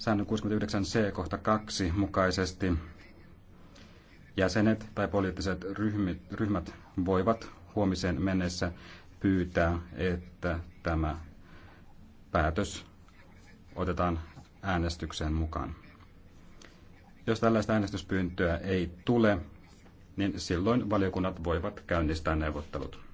säännön 69c kohta 2 mukaisesti jäsenet tai poliittiset ryhmit, ryhmät voivat huomiseen mennessä pyytää, että tämä päätös otetaan äänestykseen mukaan. Jos tällaista äänestyspyyntöä ei tule, niin silloin valiokunnat voivat käynnistää neuvottelut.